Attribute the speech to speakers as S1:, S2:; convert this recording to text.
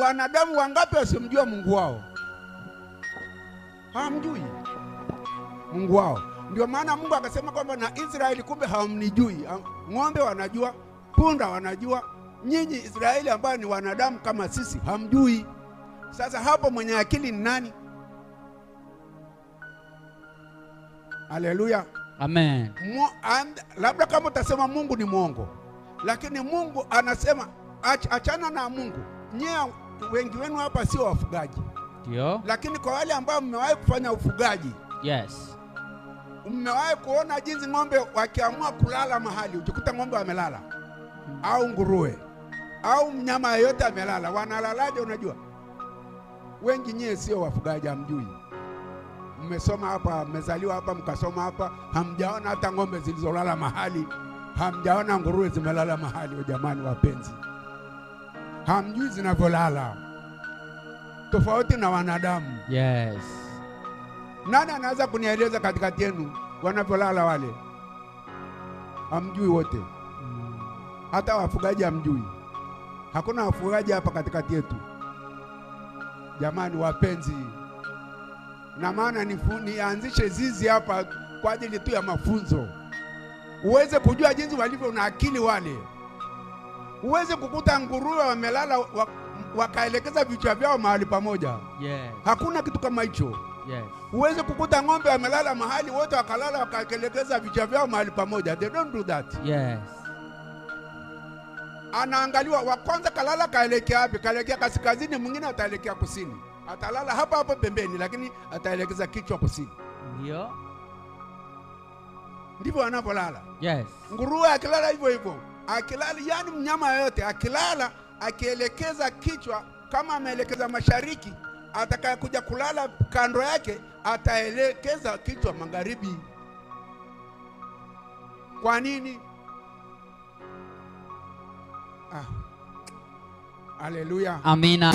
S1: Wanadamu wangapi wasimjua Mungu wao? Hawamjui Mungu wao. Ndio maana Mungu akasema kwamba na Israeli, kumbe hawamnijui. Ah, ng'ombe wanajua, punda wanajua, nyinyi Israeli ambayo ni wanadamu kama sisi hamjui. Sasa hapo mwenye akili ni nani? Haleluya, amen. Labda kama utasema Mungu ni mwongo, lakini Mungu anasema ach, achana na Mungu nyewe wengi wenu hapa sio wafugaji, ndio, lakini kwa wale ambao mmewahi kufanya ufugaji yes, mmewahi kuona jinsi ng'ombe wakiamua kulala mahali, ukikuta ng'ombe amelala au nguruwe au mnyama yeyote amelala, wanalalaje? Unajua, wengi nyie sio wafugaji, hamjui. Mmesoma hapa, mmezaliwa hapa, mkasoma hapa, hamjaona hata ng'ombe zilizolala mahali, hamjaona nguruwe zimelala mahali. Jamani wapenzi hamjui zinavyolala, tofauti na wanadamu. Yes. Nani anaweza kunieleza katikati yenu wanavyolala wale? Hamjui wote, hata wafugaji hamjui. Hakuna wafugaji hapa katikati yetu. Jamani wapenzi, na maana nianzishe zizi hapa kwa ajili tu ya mafunzo, uweze kujua jinsi walivyo na akili wale Huwezi kukuta nguruwe wamelala wakaelekeza vichwa vyao mahali pamoja. Yes. Hakuna kitu kama hicho.
S2: Yes.
S1: kukuta ng'ombe wamelala mahali wote wakalala wakaelekeza vichwa vyao mahali pamoja. They don't do that. Yes. Anaangaliwa wa kwanza kalala kaelekea wapi? Kaelekea kaskazini, mwingine ataelekea kusini. Atalala hapa hapo pembeni, lakini ataelekeza kichwa kusini. Ndio. Ndivyo wanavyolala. Yes. Nguruwe akilala hivyo hivyo akilala, yani mnyama yoyote akilala, akielekeza kichwa kama ameelekeza mashariki, atakayokuja kulala kando yake ataelekeza kichwa magharibi. Kwa nini? Ah. ah.
S2: Amina.